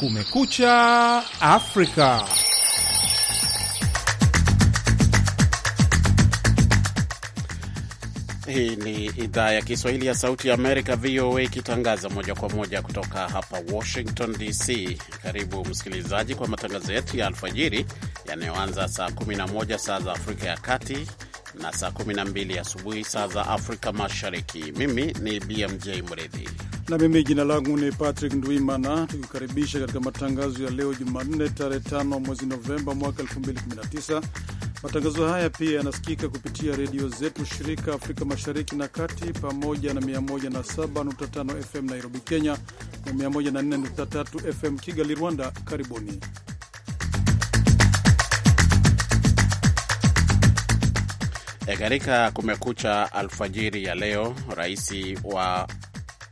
Kumekucha Afrika. Hii ni idhaa ya Kiswahili ya Sauti ya Amerika, VOA, ikitangaza moja kwa moja kutoka hapa Washington DC. Karibu msikilizaji kwa matangazo yetu ya alfajiri yanayoanza saa 11 saa za Afrika ya Kati na saa 12 asubuhi saa za Afrika Mashariki. Mimi ni BMJ Mridhi na mimi jina langu ni Patrick Ndwimana, tukikaribisha katika matangazo ya leo Jumanne tarehe 5 mwezi Novemba mwaka 2019. Matangazo haya pia yanasikika kupitia redio zetu shirika Afrika Mashariki na Kati, pamoja na 107.5 FM Nairobi, Kenya na 104.3 FM Kigali, Rwanda. Karibuni. E, katika Kumekucha alfajiri ya leo, rais wa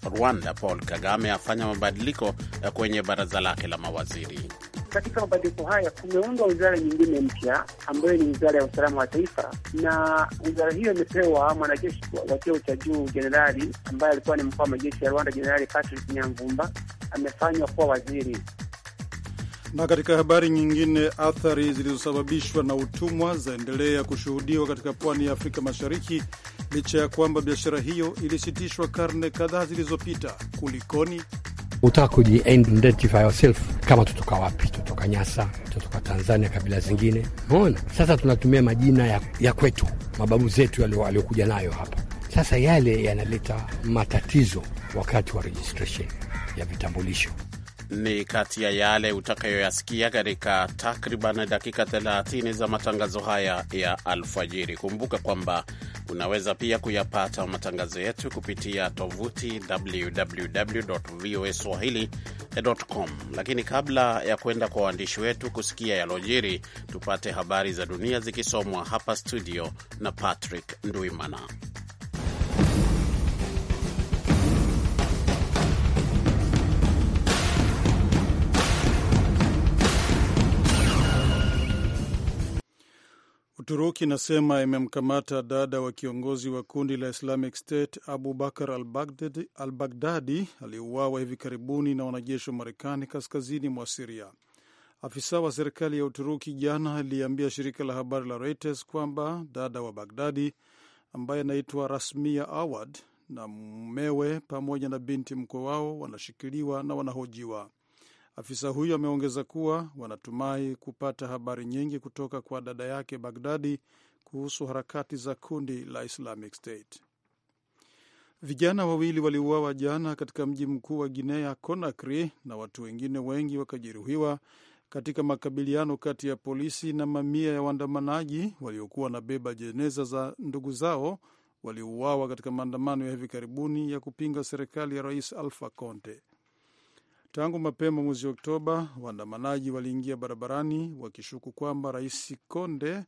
Rwanda Paul Kagame afanya mabadiliko eh, kwenye baraza lake la mawaziri. Katika mabadiliko haya kumeundwa wizara nyingine mpya ambayo ni wizara ya usalama wa taifa, na wizara hiyo imepewa mwanajeshi wa cheo cha juu jenerali ambaye alikuwa ni mkuu wa majeshi ya Rwanda, Jenerali Patrick Nyamvumba amefanywa kuwa waziri. Na katika habari nyingine, athari zilizosababishwa na utumwa zaendelea kushuhudiwa katika pwani ya Afrika Mashariki licha ya kwamba biashara hiyo ilisitishwa karne kadhaa zilizopita. Kulikoni? Utaka kuji yourself kama tutoka wapi? Tutoka Nyasa, tutoka Tanzania, kabila zingine. Mona sasa tunatumia majina ya, ya kwetu, mababu zetu waliokuja nayo hapa. Sasa yale yanaleta matatizo wakati wa registration ya vitambulisho ni kati ya yale utakayoyasikia katika takriban dakika 30 za matangazo haya ya alfajiri. Kumbuka kwamba unaweza pia kuyapata matangazo yetu kupitia tovuti www voa swahilicom Lakini kabla ya kwenda kwa waandishi wetu kusikia yalojiri, tupate habari za dunia zikisomwa hapa studio na Patrick Nduimana. Uturuki inasema imemkamata dada wa kiongozi wa kundi la Islamic State Abu Bakar al Baghdadi aliyeuawa hivi karibuni na wanajeshi wa Marekani kaskazini mwa Siria. Afisa wa serikali ya Uturuki jana aliambia shirika la habari la Reuters kwamba dada wa Baghdadi ambaye anaitwa Rasmia Awad na mumewe pamoja na binti mkwe wao wanashikiliwa na wanahojiwa. Afisa huyo ameongeza kuwa wanatumai kupata habari nyingi kutoka kwa dada yake Bagdadi kuhusu harakati za kundi la Islamic State. Vijana wawili waliuawa jana katika mji mkuu wa Guinea Conakry na watu wengine wengi wakajeruhiwa katika makabiliano kati ya polisi na mamia ya waandamanaji waliokuwa wanabeba jeneza za ndugu zao waliouawa katika maandamano ya hivi karibuni ya kupinga serikali ya Rais Alpha Conte. Tangu mapema mwezi Oktoba, waandamanaji waliingia barabarani wakishuku kwamba Rais Konde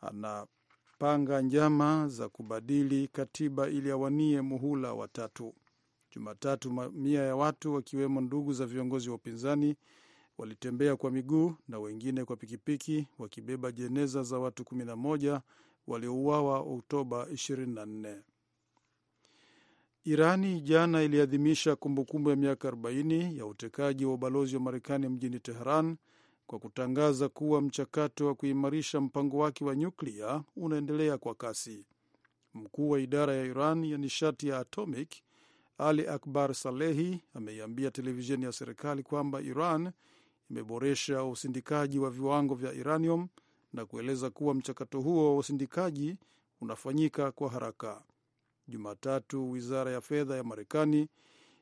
anapanga njama za kubadili katiba ili awanie muhula watatu. Jumatatu, mamia ya watu wakiwemo ndugu za viongozi wa upinzani walitembea kwa miguu na wengine kwa pikipiki wakibeba jeneza za watu 11 waliouawa Oktoba 24. Irani jana iliadhimisha kumbukumbu ya miaka 40 ya utekaji wa ubalozi wa Marekani mjini Teheran kwa kutangaza kuwa mchakato wa kuimarisha mpango wake wa nyuklia unaendelea kwa kasi. Mkuu wa idara ya Iran ya nishati ya atomic Ali Akbar Salehi ameiambia televisheni ya serikali kwamba Iran imeboresha usindikaji wa viwango vya uranium na kueleza kuwa mchakato huo wa usindikaji unafanyika kwa haraka. Jumatatu wizara ya fedha ya Marekani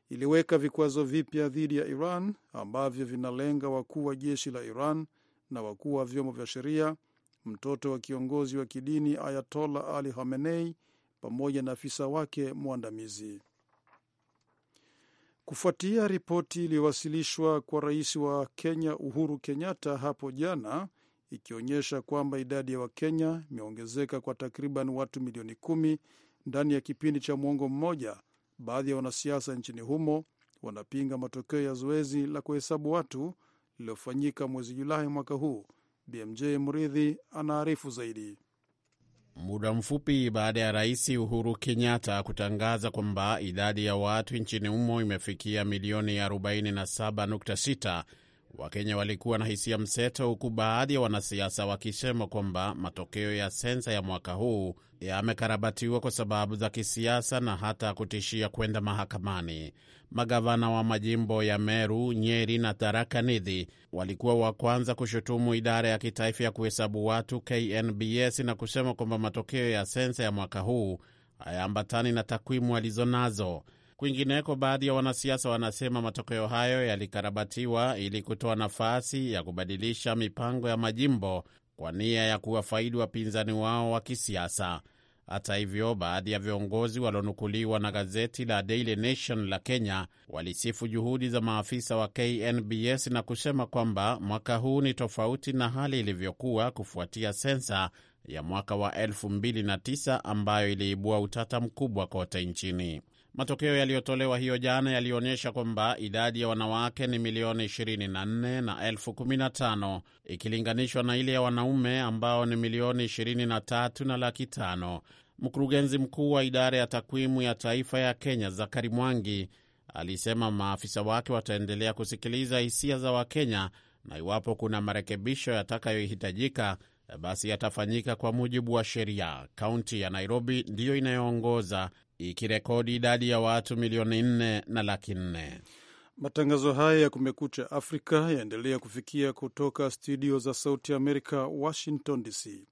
iliweka vikwazo vipya dhidi ya Iran ambavyo vinalenga wakuu wa jeshi la Iran na wakuu wa vyombo vya sheria, mtoto wa kiongozi wa kidini Ayatola Ali hamenei pamoja na afisa wake mwandamizi. Kufuatia ripoti iliyowasilishwa kwa rais wa Kenya Uhuru Kenyatta hapo jana ikionyesha kwamba idadi ya Wakenya imeongezeka kwa takriban watu milioni kumi ndani ya kipindi cha mwongo mmoja, baadhi ya wanasiasa nchini humo wanapinga matokeo ya zoezi la kuhesabu watu lililofanyika mwezi Julai mwaka huu. BMJ Mridhi anaarifu zaidi. Muda mfupi baada ya rais Uhuru Kenyatta kutangaza kwamba idadi ya watu nchini humo imefikia milioni 47.6 Wakenya walikuwa na hisia mseto, huku baadhi ya wanasiasa wakisema kwamba matokeo ya sensa ya mwaka huu yamekarabatiwa kwa sababu za kisiasa na hata kutishia kwenda mahakamani. Magavana wa majimbo ya Meru, Nyeri na Tharaka Nithi walikuwa wa kwanza kushutumu idara ya kitaifa ya kuhesabu watu KNBS na kusema kwamba matokeo ya sensa ya mwaka huu hayaambatani na takwimu nazo. Kwingineko, baadhi ya wanasiasa wanasema matokeo hayo yalikarabatiwa ili kutoa nafasi ya kubadilisha mipango ya majimbo kwa nia ya kuwafaidi wapinzani wao wa kisiasa. Hata hivyo, baadhi ya viongozi walionukuliwa na gazeti la Daily Nation la Kenya walisifu juhudi za maafisa wa KNBS na kusema kwamba mwaka huu ni tofauti na hali ilivyokuwa kufuatia sensa ya mwaka wa 2009 ambayo iliibua utata mkubwa kote nchini. Matokeo yaliyotolewa hiyo jana yalionyesha kwamba idadi ya wanawake ni milioni 24 na elfu 15 ikilinganishwa na ile ya wanaume ambao ni milioni 23 na laki 5. Mkurugenzi mkuu wa idara ya takwimu ya taifa ya Kenya, Zakari Mwangi, alisema maafisa wake wataendelea kusikiliza hisia za Wakenya na iwapo kuna marekebisho yatakayohitajika basi yatafanyika kwa mujibu wa sheria. Kaunti ya Nairobi ndiyo inayoongoza ikirekodi idadi ya watu milioni nne na laki nne. Matangazo haya ya Kumekucha Afrika yaendelea kufikia kutoka studio za Sauti ya Amerika, Washington DC.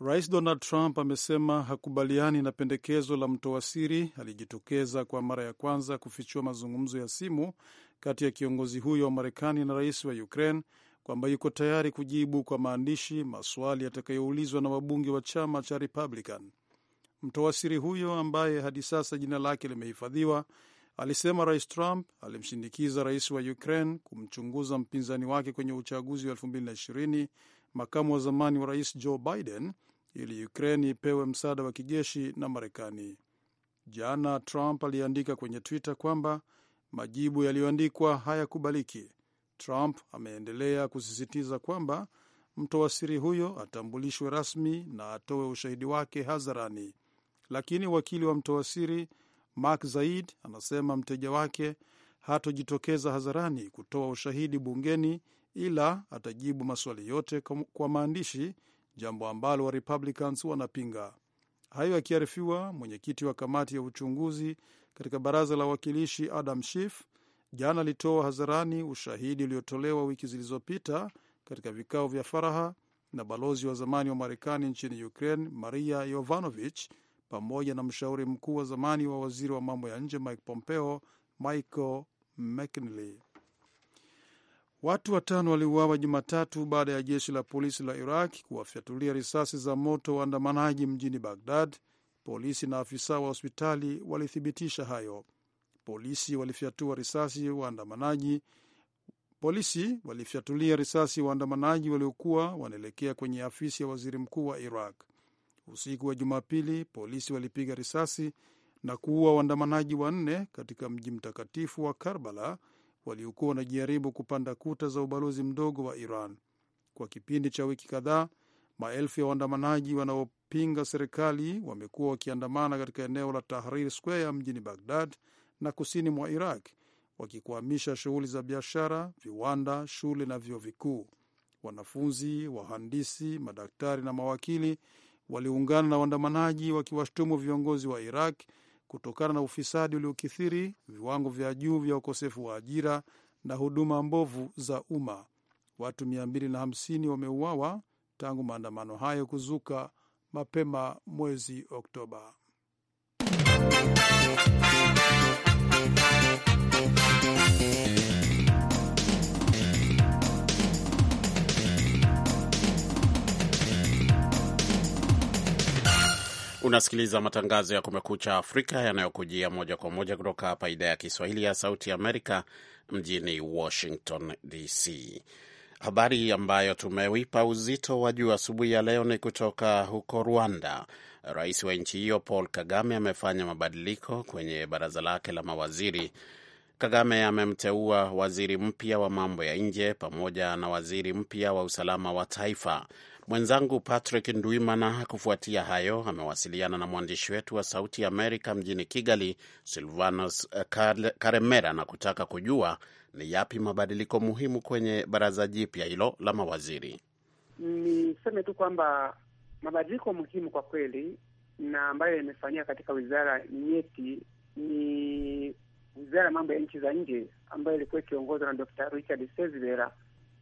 Rais Donald Trump amesema hakubaliani na pendekezo la mtoa siri alijitokeza kwa mara ya kwanza kufichua mazungumzo ya simu kati ya kiongozi huyo wa Marekani na rais wa Ukraine kwamba yuko tayari kujibu kwa maandishi maswali yatakayoulizwa na wabunge wa chama cha Republican. Mtoa siri huyo ambaye hadi sasa jina lake limehifadhiwa alisema Rais Trump alimshinikiza rais wa Ukraine kumchunguza mpinzani wake kwenye uchaguzi wa 2020 makamu wa zamani wa rais Joe Biden ili Ukraine ipewe msaada wa kijeshi na Marekani. Jana Trump aliandika kwenye Twitter kwamba majibu yaliyoandikwa hayakubaliki. Trump ameendelea kusisitiza kwamba mtoa siri huyo atambulishwe rasmi na atoe ushahidi wake hadharani lakini wakili wa mtoa siri Mark Zaid anasema mteja wake hatojitokeza hadharani kutoa ushahidi bungeni, ila atajibu maswali yote kwa maandishi, jambo ambalo wa Republicans wanapinga. Hayo akiarifiwa, mwenyekiti wa kamati ya uchunguzi katika baraza la wawakilishi Adam Schiff jana alitoa hadharani ushahidi uliotolewa wiki zilizopita katika vikao vya faraha na balozi wa zamani wa Marekani nchini Ukraine Maria Yovanovich pamoja na mshauri mkuu wa zamani wa waziri wa mambo ya nje Mike Pompeo, Michael McKinley. Watu watano waliuawa Jumatatu baada ya jeshi la polisi la Iraq kuwafyatulia risasi za moto waandamanaji mjini Bagdad. Polisi na afisa wa hospitali walithibitisha hayo. Polisi walifyatua risasi waandamanaji polisi walifyatulia risasi waandamanaji waliokuwa wanaelekea kwenye afisi ya waziri mkuu wa Iraq. Usiku wa Jumapili, polisi walipiga risasi na kuua waandamanaji wanne katika mji mtakatifu wa Karbala waliokuwa wanajaribu kupanda kuta za ubalozi mdogo wa Iran. Kwa kipindi cha wiki kadhaa, maelfu ya waandamanaji wanaopinga serikali wamekuwa wakiandamana katika eneo la Tahrir Square mjini Bagdad na kusini mwa Iraq, wakikwamisha shughuli za biashara, viwanda, shule na vyuo vikuu. Wanafunzi, wahandisi, madaktari na mawakili waliungana na waandamanaji wakiwashtumu viongozi wa Iraq kutokana na ufisadi uliokithiri, viwango vya juu vya ukosefu wa ajira na huduma mbovu za umma. Watu 250 wameuawa tangu maandamano hayo kuzuka mapema mwezi Oktoba. Unasikiliza matangazo ya Kumekucha Afrika yanayokujia moja kwa moja kutoka hapa idhaa ya Kiswahili ya Sauti Amerika mjini Washington DC. Habari ambayo tumeipa uzito wa juu asubuhi ya leo ni kutoka huko Rwanda. Rais wa nchi hiyo Paul Kagame amefanya mabadiliko kwenye baraza lake la mawaziri. Kagame amemteua waziri mpya wa mambo ya nje pamoja na waziri mpya wa usalama wa taifa. Mwenzangu Patrick Ndwimana, kufuatia hayo, amewasiliana na mwandishi wetu wa Sauti ya Amerika mjini Kigali, Silvanos eh, Karemera, na kutaka kujua ni yapi mabadiliko muhimu kwenye baraza jipya hilo la mawaziri. Niseme tu kwamba mabadiliko muhimu kwa kweli na ambayo yamefanyika katika wizara nyeti ni wizara ya mambo ya nchi za nje ambayo ilikuwa ikiongozwa na Dr. Richard Sezibera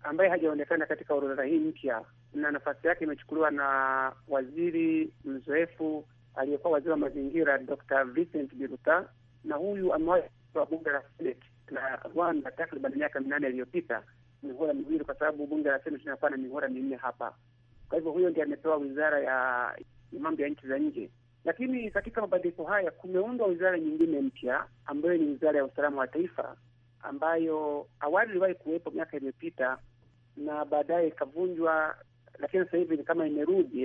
ambaye hajaonekana katika orodha hii mpya, na nafasi yake imechukuliwa na waziri mzoefu aliyekuwa waziri wa mazingira Dr. Vincent Biruta, na huyu amewahi wa bunge la Senate la Rwanda takriban miaka minane iliyopita, mihora miwili, kwa sababu bunge la Senate linakuwa na mihora minne hapa. Kwa hivyo huyo ndiye amepewa wizara ya mambo ya nchi za nje, lakini katika mabadiliko haya kumeundwa wizara nyingine mpya ambayo ni wizara ya usalama wa taifa ambayo awali iliwahi kuwepo miaka iliyopita na baadaye ikavunjwa, lakini sasa hivi ni kama imerudi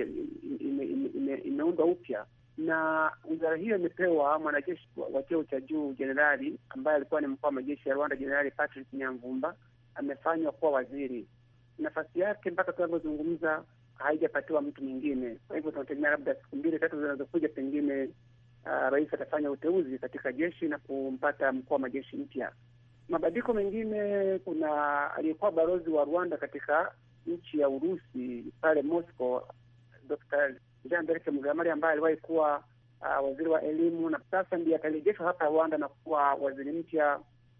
imeundwa upya na wizara hiyo imepewa mwanajeshi wa cheo cha juu jenerali ambaye alikuwa ni mkuu wa majeshi ya Rwanda, Jenerali Patrick Nyamvumba amefanywa kuwa waziri. Nafasi yake mpaka tunavyozungumza haijapatiwa mtu mwingine. Kwa hivyo tunategemea labda siku mbili tatu zinazokuja, pengine uh, rais atafanya uteuzi katika jeshi na kumpata mkuu wa majeshi mpya. Mabadiliko mengine, kuna aliyekuwa balozi wa Rwanda katika nchi ya Urusi pale Moscow, Dr. Jean Berke Mugamari ambaye aliwahi kuwa uh, waziri wa elimu na sasa ndiye atarejeshwa hapa Rwanda na kuwa waziri mpya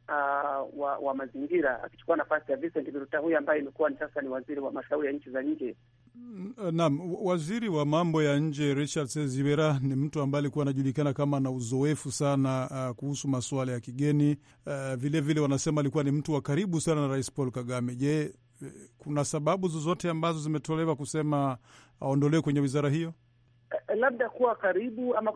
uh, wa, wa mazingira akichukua nafasi ya Vincent Biruta huyu ambaye imekuwa ni sasa ni waziri wa mashauri ya nchi za nje. Mm, naam, waziri wa mambo ya nje Richard Sezibera ni mtu ambaye alikuwa anajulikana kama na uzoefu sana uh, kuhusu masuala ya kigeni vilevile. Uh, vile wanasema alikuwa ni mtu wa karibu sana na Rais Paul Kagame. Je, eh, kuna sababu zozote ambazo zimetolewa kusema aondolewe kwenye wizara hiyo? Eh, labda kuwa karibu ama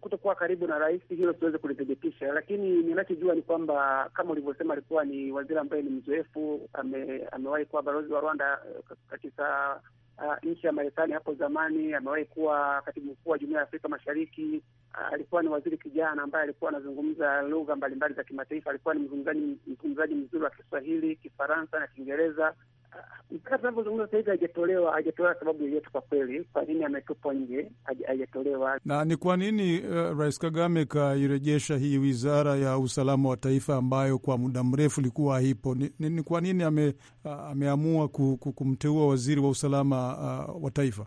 kutokuwa karibu na rais, hilo siweze kulithibitisha, lakini ninachojua ni kwamba kama ulivyosema, alikuwa ni waziri ambaye ni mzoefu, amewahi kuwa balozi wa Rwanda eh, katika uh, nchi ya Marekani hapo zamani. Amewahi kuwa katibu mkuu wa jumuiya ya Afrika Mashariki. Uh, alikuwa ni waziri kijana ambaye alikuwa anazungumza lugha mbalimbali za kimataifa. Alikuwa ni mzungumzaji mzuri wa Kiswahili, Kifaransa na Kiingereza mpaka tunavyozungumza sasa hivi hajatolewa, hajatolewa sababu yoyote kwa kweli, kwa nini ametupwa nje, hajatolewa. Na ni kwa nini uh, Rais Kagame kairejesha hii wizara ya usalama wa taifa ambayo kwa muda mrefu ilikuwa haipo? Ni, ni, ni kwa nini ame, uh, ameamua kumteua waziri wa usalama uh, wa taifa?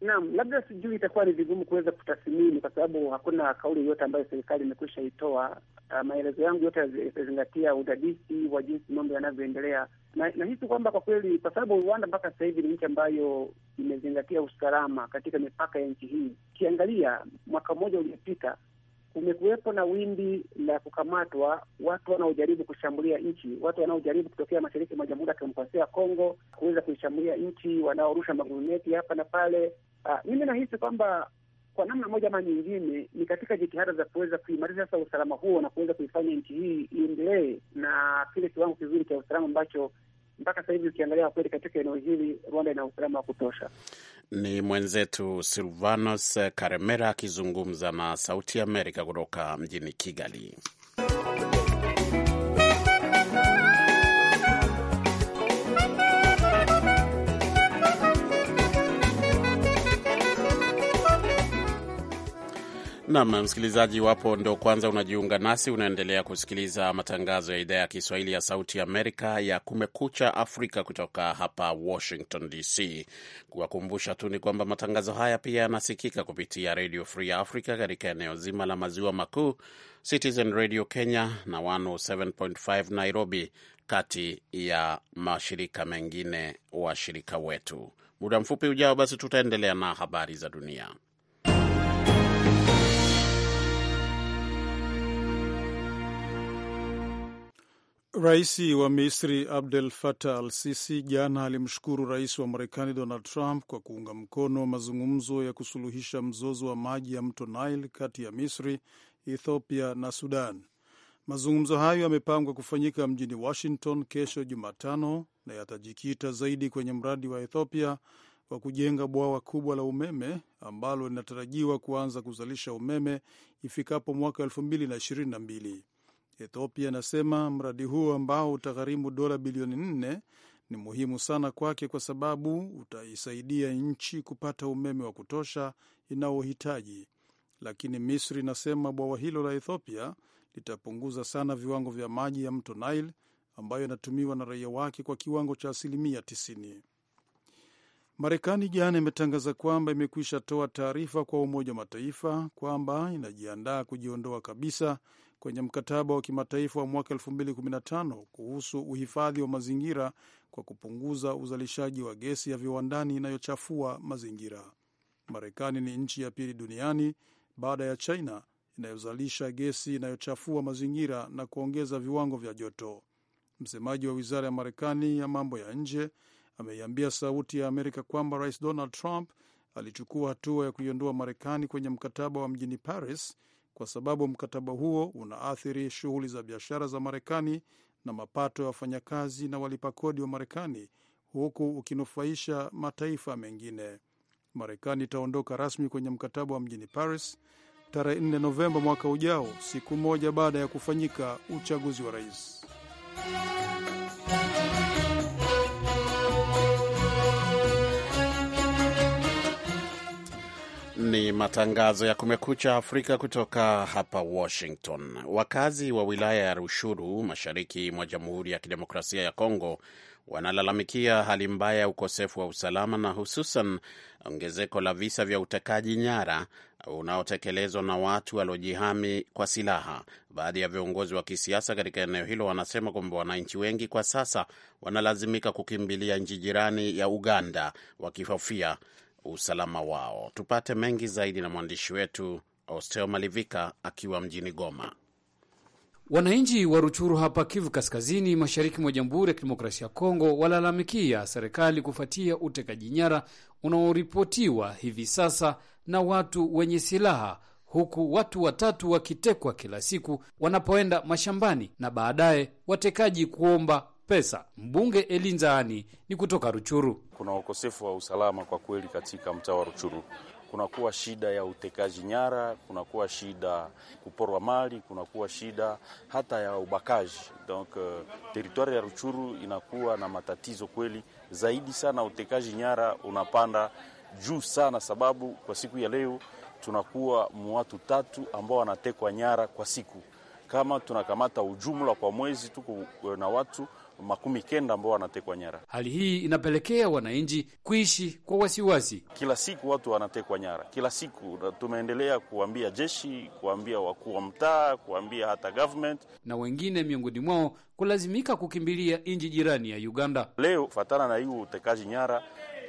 Naam, labda sijui itakuwa ni vigumu kuweza kutathmini kwa sababu hakuna kauli yoyote ambayo serikali imekwisha itoa. Ah, maelezo yangu yote yatazingatia udadisi wa jinsi mambo yanavyoendelea, na nahisi kwamba kwa kweli, kwa sababu Rwanda mpaka sasa hivi ni nchi ambayo imezingatia usalama katika mipaka ya nchi hii. Ukiangalia mwaka mmoja uliopita kumekuwepo na wimbi la kukamatwa watu wanaojaribu kushambulia nchi, watu wanaojaribu kutokea mashariki mwa Jamhuri ya Kidemokrasia ya Kongo kuweza kuishambulia nchi, wanaorusha maguruneti hapa na pale. Ah, mimi nahisi kwamba kwa namna moja ama nyingine ni katika jitihada za kuweza kuimarisha sasa usalama huo na kuweza kuifanya nchi hii iendelee na kile kiwango kizuri cha usalama ambacho mpaka sasa hivi ukiangalia kweli katika eneo hili Rwanda ina usalama wa kutosha. Ni mwenzetu Silvanos Karemera akizungumza na Sauti ya Amerika kutoka mjini Kigali. Nam msikilizaji, iwapo ndo kwanza unajiunga nasi, unaendelea kusikiliza matangazo ya idhaa ya Kiswahili ya Sauti Amerika ya Kumekucha Afrika kutoka hapa Washington DC. Kuwakumbusha tu ni kwamba matangazo haya pia yanasikika kupitia Radio Free Africa katika eneo zima la Maziwa Makuu, Citizen Radio Kenya na 107.5 Nairobi, kati ya mashirika mengine washirika wetu. Muda mfupi ujao, basi tutaendelea na habari za dunia. Rais wa Misri Abdel Fattah al Sisi jana alimshukuru rais wa Marekani Donald Trump kwa kuunga mkono mazungumzo ya kusuluhisha mzozo wa maji ya mto Nile kati ya Misri, Ethiopia na Sudan. Mazungumzo hayo yamepangwa kufanyika mjini Washington kesho Jumatano na yatajikita zaidi kwenye mradi wa Ethiopia wa kujenga bwawa kubwa la umeme ambalo linatarajiwa kuanza kuzalisha umeme ifikapo mwaka 2022. Ethiopia inasema mradi huo ambao utagharimu dola bilioni nne ni muhimu sana kwake kwa sababu utaisaidia nchi kupata umeme wa kutosha inaohitaji. Lakini Misri inasema bwawa hilo la Ethiopia litapunguza sana viwango vya maji ya mto Nile ambayo inatumiwa na raia wake kwa kiwango cha asilimia 90. Marekani jana imetangaza kwamba imekwisha toa taarifa kwa Umoja wa Mataifa kwamba inajiandaa kujiondoa kabisa kwenye mkataba wa kimataifa wa mwaka 2015 kuhusu uhifadhi wa mazingira kwa kupunguza uzalishaji wa gesi ya viwandani inayochafua mazingira. Marekani ni nchi ya pili duniani baada ya China inayozalisha gesi inayochafua mazingira na kuongeza viwango vya joto. Msemaji wa wizara ya Marekani ya mambo ya nje ameiambia Sauti ya Amerika kwamba Rais Donald Trump alichukua hatua ya kuiondoa Marekani kwenye mkataba wa mjini Paris kwa sababu mkataba huo unaathiri shughuli za biashara za Marekani na mapato ya wafanyakazi na walipa kodi wa Marekani, huku ukinufaisha mataifa mengine. Marekani itaondoka rasmi kwenye mkataba wa mjini Paris tarehe 4 Novemba mwaka ujao, siku moja baada ya kufanyika uchaguzi wa rais. ni matangazo ya Kumekucha Afrika kutoka hapa Washington. Wakazi wa wilaya ya Rushuru, mashariki mwa Jamhuri ya Kidemokrasia ya Kongo, wanalalamikia hali mbaya ya ukosefu wa usalama na hususan ongezeko la visa vya utekaji nyara unaotekelezwa na watu waliojihami kwa silaha. Baadhi ya viongozi wa kisiasa katika eneo hilo wanasema kwamba wananchi wengi kwa sasa wanalazimika kukimbilia nchi jirani ya Uganda wakihofia usalama wao. Tupate mengi zaidi na mwandishi wetu Osteo Malivika akiwa mjini Goma. Wananchi wa Ruchuru hapa Kivu Kaskazini, mashariki mwa Jamhuri ya Kidemokrasia ya Kongo walalamikia serikali kufuatia utekaji nyara unaoripotiwa hivi sasa na watu wenye silaha, huku watu watatu wakitekwa kila siku wanapoenda mashambani na baadaye watekaji kuomba pesa. Mbunge Elinzani ni kutoka Ruchuru. Kuna ukosefu wa usalama kwa kweli katika mtaa wa Ruchuru kunakuwa shida ya utekaji nyara, kunakuwa shida kuporwa mali, kunakuwa shida hata ya ubakaji. Donc uh, teritwari ya Ruchuru inakuwa na matatizo kweli zaidi sana. Utekaji nyara unapanda juu sana, sababu kwa siku ya leo tunakuwa mwatu tatu ambao wanatekwa nyara kwa siku. Kama tunakamata ujumla kwa mwezi, tuko eh, na watu makumi kenda ambao wanatekwa nyara. Hali hii inapelekea wananchi kuishi kwa wasiwasi wasi. Kila siku watu wanatekwa nyara, kila siku tumeendelea kuambia jeshi, kuambia wakuu wa mtaa, kuambia hata government, na wengine miongoni mwao kulazimika kukimbilia nchi jirani ya Uganda. Leo kufatana na hiyo utekaji nyara,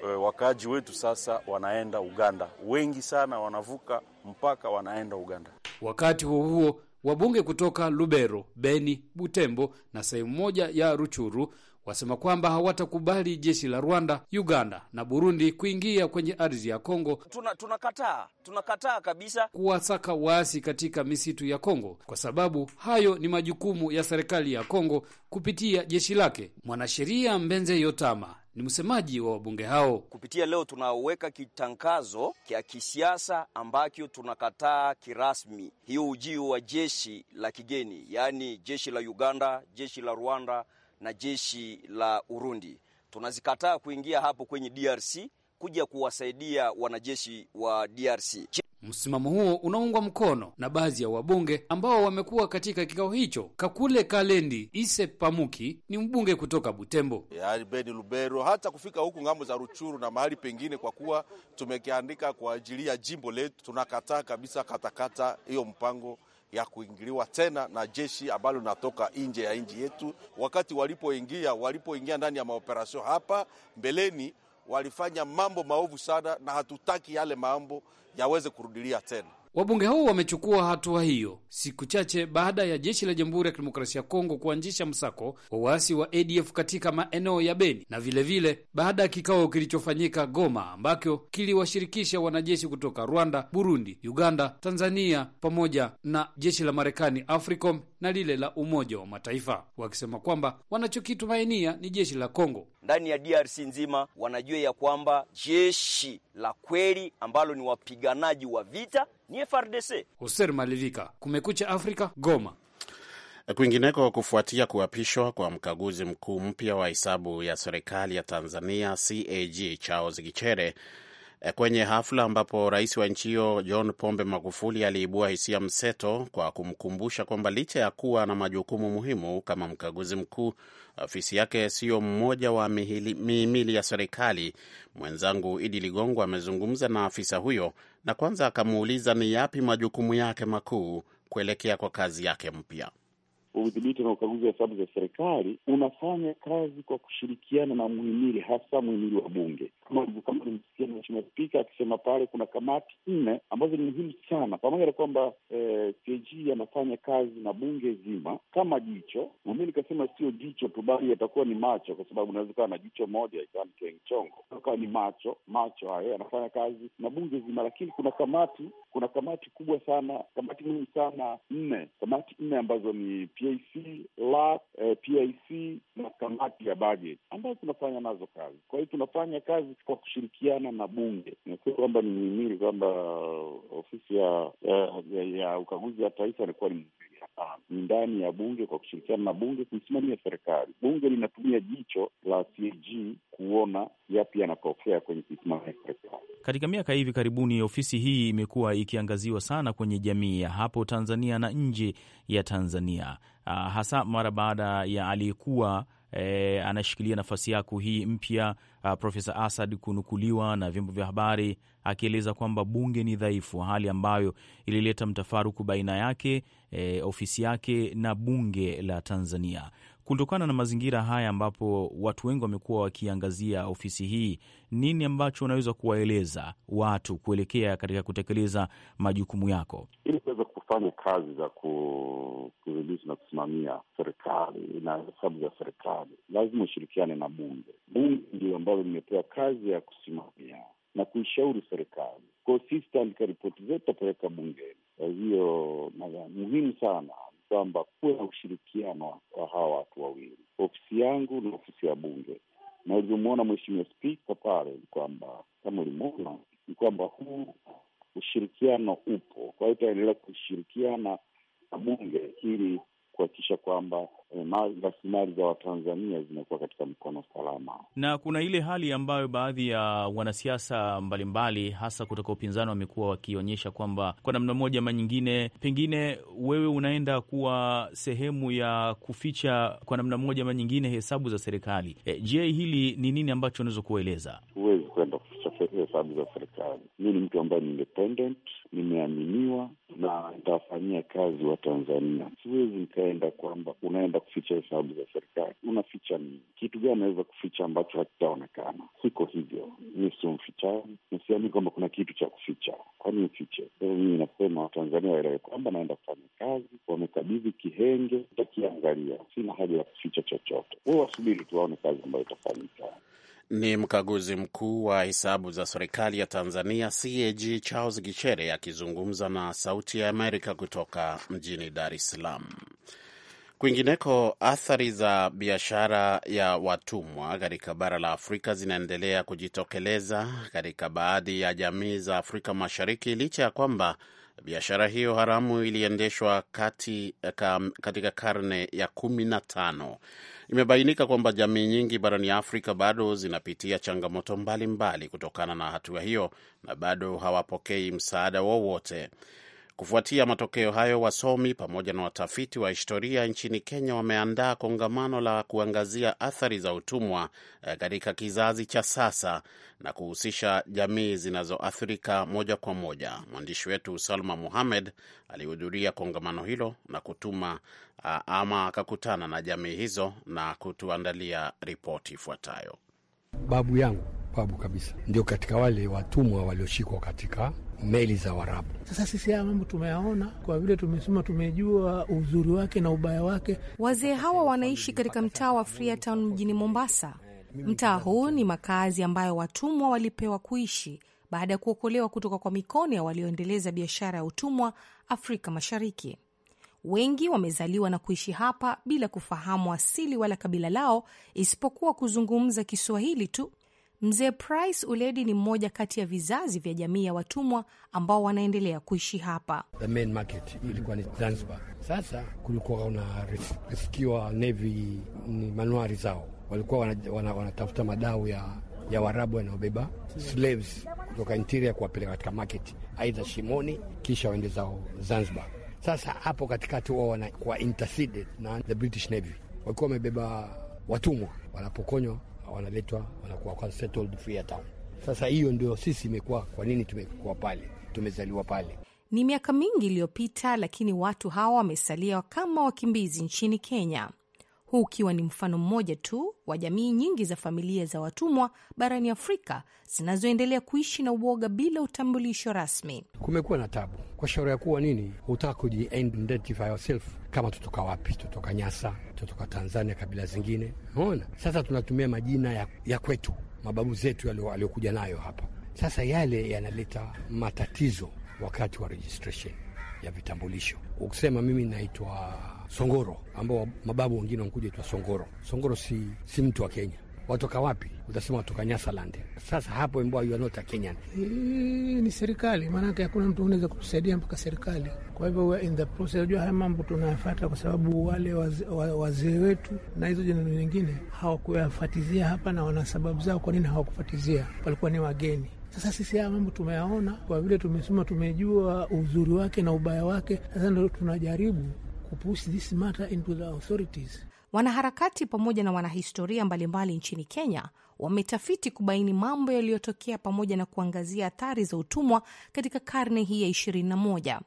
eh, wakaaji wetu sasa wanaenda Uganda, wengi sana wanavuka mpaka wanaenda Uganda. Wakati huo huo Wabunge kutoka Lubero, Beni, Butembo na sehemu moja ya Ruchuru wasema kwamba hawatakubali jeshi la Rwanda, Uganda na Burundi kuingia kwenye ardhi ya Kongo. Tunakataa, tunakataa kabisa kuwasaka waasi katika misitu ya Kongo, kwa sababu hayo ni majukumu ya serikali ya Kongo kupitia jeshi lake. Mwanasheria Mbenze Yotama ni msemaji wa wabunge hao. Kupitia leo tunaweka kitangazo kya kisiasa ambacho tunakataa kirasmi hiyo ujio wa jeshi la kigeni, yaani jeshi la Uganda, jeshi la Rwanda na jeshi la Urundi. Tunazikataa kuingia hapo kwenye DRC kuja kuwasaidia wanajeshi wa DRC. Msimamo huo unaungwa mkono na baadhi ya wabunge ambao wamekuwa katika kikao hicho. Kakule Kalendi Ise Pamuki ni mbunge kutoka Butembo, yaani Beni Lubero, hata kufika huku ngambo za Ruchuru na mahali pengine, kwa kuwa tumekiandika kwa ajili ya jimbo letu. Tunakataa kabisa katakata hiyo mpango ya kuingiliwa tena na jeshi ambalo linatoka nje ya nchi yetu. Wakati walipoingia walipoingia ndani ya maoperasio hapa mbeleni, walifanya mambo maovu sana, na hatutaki yale mambo yaweze kurudilia tena. Wabunge hao wamechukua hatua hiyo siku chache baada ya jeshi la Jamhuri ya Kidemokrasia ya Kongo kuanzisha msako wa waasi wa ADF katika maeneo ya Beni na vilevile vile, baada ya kikao kilichofanyika Goma ambacho kiliwashirikisha wanajeshi kutoka Rwanda, Burundi, Uganda, Tanzania pamoja na jeshi la Marekani AFRICOM na lile la Umoja wa Mataifa, wakisema kwamba wanachokitumainia ni jeshi la Kongo ndani ya DRC nzima. Wanajua ya kwamba jeshi la kweli ambalo ni wapiganaji wa vita ni FRDC. Hoser Malivika, Kumekucha Afrika, Goma. Kwingineko, kufuatia kuapishwa kwa mkaguzi mkuu mpya wa hesabu ya serikali ya Tanzania CAG Charles Gichere Eh, kwenye hafla ambapo rais wa nchi hiyo John Pombe Magufuli aliibua hisia mseto kwa kumkumbusha kwamba licha ya kuwa na majukumu muhimu kama mkaguzi mkuu, ofisi yake siyo mmoja wa mihimili ya serikali. Mwenzangu Idi Ligongo amezungumza na afisa huyo na kwanza akamuuliza ni yapi majukumu yake makuu kuelekea kwa kazi yake mpya wa udhibiti na ukaguzi wa hesabu za serikali unafanya kazi kwa kushirikiana na muhimili, hasa muhimili wa Bunge. Kama ulivyosikia Mheshimiwa Spika akisema pale, kuna kamati nne ambazo ni muhimu sana, pamoja na kwamba CAG eh, anafanya kazi na bunge zima kama jicho, na mimi nikasema sio jicho tu, bali yatakuwa ni macho, kwa sababu unaweza ukawa na jicho moja ikawa ni kengchongo, ukawa ni macho. Macho hayo anafanya kazi na bunge zima, lakini kuna kamati, kuna kamati kubwa sana, kamati muhimu sana nne, kamati nne ambazo ni PAC, LAC, eh, PIC na kamati ya bajeti ambayo tunafanya nazo kazi. Kwa hiyo tunafanya kazi kwa kushirikiana na bunge. Nisio kwamba ni mhimili kwamba ofisi ya, ya, ya, ya ukaguzi wa taifa ilikuwa ni Ah, ni ndani ya bunge kwa kushirikiana na bunge kuisimamia serikali. Bunge linatumia jicho la CAG kuona yapi yanapokea kwenye kuisimamia serikali. Katika miaka hivi karibuni, ofisi hii imekuwa ikiangaziwa sana kwenye jamii ya hapo Tanzania na nje ya Tanzania, ah, hasa mara baada ya aliyekuwa e, anashikilia nafasi yako hii mpya. Uh, Profesa Asad kunukuliwa na vyombo vya habari akieleza kwamba bunge ni dhaifu, hali ambayo ilileta mtafaruku baina yake, e, ofisi yake na bunge la Tanzania. Kutokana na mazingira haya ambapo watu wengi wamekuwa wakiangazia ofisi hii, nini ambacho unaweza kuwaeleza watu kuelekea katika kutekeleza majukumu yako ili kuweza kufanya kazi za kudhibiti na kusimamia serikali na hesabu za serikali? Lazima ushirikiane na bunge. Bunge ndio ambalo limepewa kazi ya kusimamia na kuishauri serikali. Kwa sisi tutaandika ripoti zetu, tutapeleka bungeni. Kwa hiyo muhimu sana kwamba kuwe na ushirikiano wa hawa watu wawili, ofisi yangu na ofisi ya Bunge. Na ulivyomwona Mheshimiwa Spika pale ni kwamba, kama ulimwona, ni kwamba huu ushirikiano upo. Kwa hiyo tutaendelea kushirikiana na Bunge ili kuhakikisha kwamba eh, rasilimali za Watanzania zinakuwa katika mkono salama. Na kuna ile hali ambayo baadhi ya wanasiasa mbalimbali hasa kutoka upinzani wamekuwa wakionyesha kwamba kwa namna moja ama nyingine, pengine wewe unaenda kuwa sehemu ya kuficha kwa namna moja ama nyingine hesabu za serikali. E, je, hili ni nini ambacho unaweza kueleza? Huwezi kwenda hesabu sababu za serikali. Mi ni mtu ambaye ni independent, nimeaminiwa na nitawafanyia kazi wa Tanzania. Siwezi nikaenda kwamba unaenda kuficha hesabu za serikali. Unaficha nini? Kitu gani naweza kuficha ambacho hakitaonekana? Siko hivyo, mi sio mfichaji, nisiamini kwamba kuna kitu cha kuficha. Kwani mfiche? Mimi nasema Watanzania waelewe kwamba naenda kufanya kazi, wamekabidhi kihenge, takiangalia. Sina haja ya kuficha chochote, we wasubiri tu waone kazi ambayo itafanyika. Ni mkaguzi mkuu wa hesabu za serikali ya Tanzania CAG Charles Gichere akizungumza na Sauti ya Amerika kutoka mjini Dar es Salaam. Kwingineko, athari za biashara ya watumwa katika bara la Afrika zinaendelea kujitokeleza katika baadhi ya jamii za Afrika Mashariki licha ya kwamba Biashara hiyo haramu iliendeshwa kati, katika karne ya kumi na tano. Imebainika kwamba jamii nyingi barani Afrika bado zinapitia changamoto mbalimbali mbali kutokana na hatua hiyo na bado hawapokei msaada wowote. Kufuatia matokeo hayo, wasomi pamoja na watafiti wa historia nchini Kenya wameandaa kongamano la kuangazia athari za utumwa eh, katika kizazi cha sasa na kuhusisha jamii zinazoathirika moja kwa moja. Mwandishi wetu Salma Muhamed alihudhuria kongamano hilo na kutuma eh, ama akakutana na jamii hizo na kutuandalia ripoti ifuatayo. Babu yangu babu kabisa ndio katika wale watumwa walioshikwa katika meli za Warabu. Sasa sisi haya mambo tumeyaona kwa vile tumesoma, tumejua uzuri wake na ubaya wake. Wazee hawa wanaishi katika mtaa wa Freetown mjini Mombasa. Mtaa huu ni makazi ambayo watumwa walipewa kuishi baada ya kuokolewa kutoka kwa mikono ya walioendeleza biashara ya utumwa Afrika Mashariki. Wengi wamezaliwa na kuishi hapa bila kufahamu asili wala kabila lao isipokuwa kuzungumza Kiswahili tu Mzee Price Uledi ni mmoja kati ya vizazi vya jamii ya watumwa ambao wanaendelea kuishi hapa. The main market ilikuwa ni Zanzibar. Sasa kulikuwa unariskiwa nevi ni manuari zao, walikuwa wanatafuta wana, wana madau ya, ya warabu wanaobeba slaves kutoka interior kuwapeleka katika market, aidha Shimoni, kisha waende zao Zanzibar. Sasa hapo katikati wao wanakuwa interceded na the British Navy, walikuwa wamebeba watumwa wanapokonywa wanaletwa wanakuwa settled town. Sasa hiyo ndio sisi imekuwa kwa nini tumekuwa pale, tumezaliwa pale. Ni miaka mingi iliyopita, lakini watu hawa wamesalia kama wakimbizi nchini Kenya huu ukiwa ni mfano mmoja tu wa jamii nyingi za familia za watumwa barani Afrika zinazoendelea kuishi na uoga bila utambulisho rasmi. Kumekuwa na tabu kwa shauri ya kuwa nini, hutaka kuji yourself kama tutoka wapi, tutoka Nyasa, tutoka Tanzania, kabila zingine. Ona sasa tunatumia majina ya, ya kwetu, mababu zetu aliyokuja nayo hapa. Sasa yale yanaleta matatizo wakati wa registration ya vitambulisho, ukisema mimi naitwa Songoro ambao mababu wengine wanakuja itwa Songoro. Songoro si, si mtu wa Kenya. Watoka wapi? Utasema watoka Nyasaland. Sasa hapo mbwa yuanota Kenyan hii ni serikali, maanake hakuna mtu unaweza kutusaidia mpaka serikali. Kwa hivyo we in the process, unajua haya mambo tunayafata kwa sababu wale wazee waze wetu na hizo jenani nyingine hawakuyafatizia hapa, na wana sababu zao kwa nini hawakufatizia, walikuwa ni wageni. Sasa sisi haya mambo tumeyaona, kwa vile tumesoma, tumejua uzuri wake na ubaya wake, sasa ndo tunajaribu this matter into the authorities. Wanaharakati pamoja na wanahistoria mbalimbali nchini Kenya wametafiti kubaini mambo yaliyotokea pamoja na kuangazia athari za utumwa katika karne hii ya 21.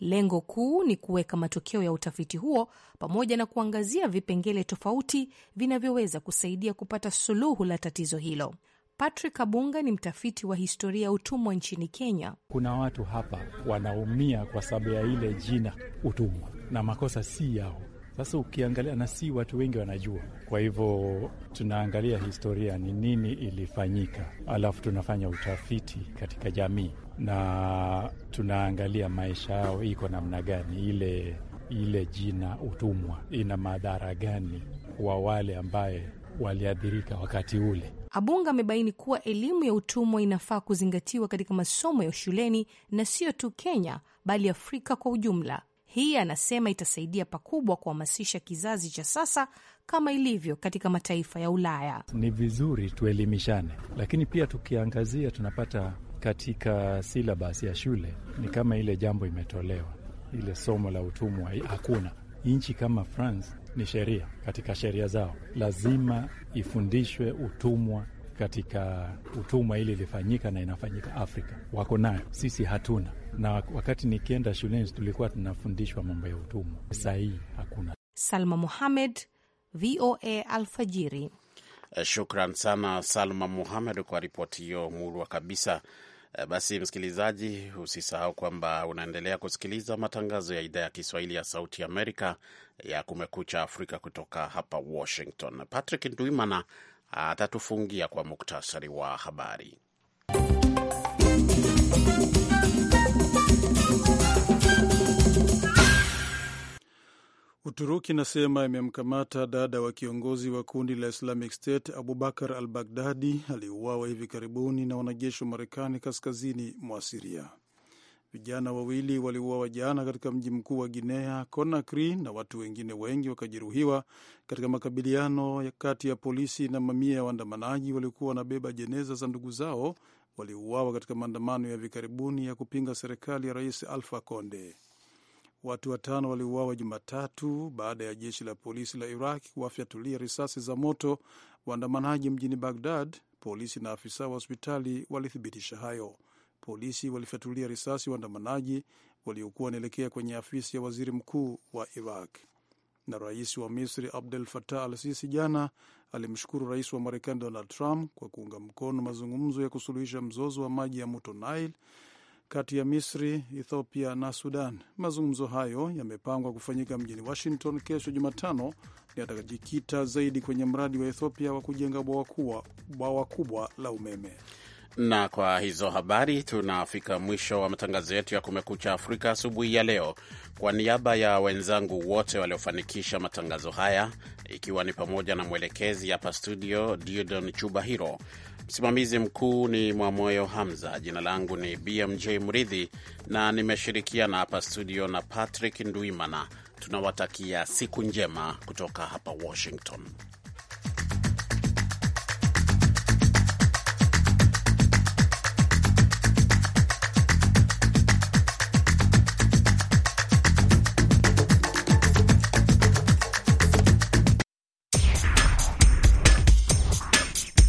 Lengo kuu ni kuweka matokeo ya utafiti huo pamoja na kuangazia vipengele tofauti vinavyoweza kusaidia kupata suluhu la tatizo hilo. Patrick abunga ni mtafiti wa historia ya utumwa nchini Kenya. Kuna watu hapa wanaumia kwa sababu ya ile jina utumwa, na makosa si yao. Sasa ukiangalia, na si watu wengi wanajua. Kwa hivyo tunaangalia historia, ni nini ilifanyika, alafu tunafanya utafiti katika jamii na tunaangalia maisha yao iko namna gani, ile ile jina utumwa ina madhara gani kwa wale ambaye waliathirika wakati ule. Abunga amebaini kuwa elimu ya utumwa inafaa kuzingatiwa katika masomo ya shuleni na siyo tu Kenya bali Afrika kwa ujumla. Hii anasema itasaidia pakubwa kuhamasisha kizazi cha sasa kama ilivyo katika mataifa ya Ulaya. Ni vizuri tuelimishane, lakini pia tukiangazia, tunapata katika silabas ya shule ni kama ile jambo imetolewa, ile somo la utumwa hakuna. Nchi kama France ni sheria, katika sheria zao lazima ifundishwe utumwa katika utumwa ili ilifanyika na inafanyika Afrika, wako nayo, sisi hatuna. Na wakati nikienda shuleni tulikuwa tunafundishwa mambo ya utumwa, sahii hakuna. Salma Muhamed, VOA Alfajiri. Eh, shukran sana Salma Muhamed kwa ripoti hiyo murwa kabisa. Eh, basi msikilizaji, usisahau kwamba unaendelea kusikiliza matangazo ya idhaa ya Kiswahili ya Sauti Amerika ya Kumekucha Afrika kutoka hapa Washington. Patrick Ndwimana atatufungia kwa muktasari wa habari. Uturuki inasema imemkamata dada wa kiongozi wa kundi la Islamic State Abubakar al Baghdadi aliyeuawa hivi karibuni na wanajeshi wa Marekani kaskazini mwa Siria. Vijana wawili waliuawa jana katika mji mkuu wa Guinea Conakry, na watu wengine wengi wakajeruhiwa katika makabiliano ya kati ya polisi na mamia ya waandamanaji waliokuwa wanabeba jeneza za ndugu zao waliuawa katika maandamano ya hivi karibuni ya kupinga serikali ya Rais Alfa Conde. Watu watano waliuawa Jumatatu baada ya jeshi la polisi la Iraq kuwafyatulia risasi za moto waandamanaji mjini Bagdad. Polisi na afisa wa hospitali walithibitisha hayo polisi walifyatulia risasi waandamanaji waliokuwa wanaelekea kwenye afisi ya waziri mkuu wa Iraq. Na rais wa Misri Abdel Fattah al Sisi jana alimshukuru rais wa Marekani Donald Trump kwa kuunga mkono mazungumzo ya kusuluhisha mzozo wa maji ya mto Nile kati ya Misri, Ethiopia na Sudan. Mazungumzo hayo yamepangwa kufanyika mjini Washington kesho Jumatano, yatakajikita zaidi kwenye mradi wa Ethiopia wa kujenga bwawa kubwa la umeme. Na kwa hizo habari tunafika mwisho wa matangazo yetu ya Kumekucha Afrika asubuhi ya leo. Kwa niaba ya wenzangu wote waliofanikisha matangazo haya, ikiwa ni pamoja na mwelekezi hapa studio Diodon Chubahiro, msimamizi mkuu ni Mwamoyo Hamza, jina langu ni BMJ Mridhi na nimeshirikiana hapa studio na Patrick Ndwimana. Tunawatakia siku njema kutoka hapa Washington.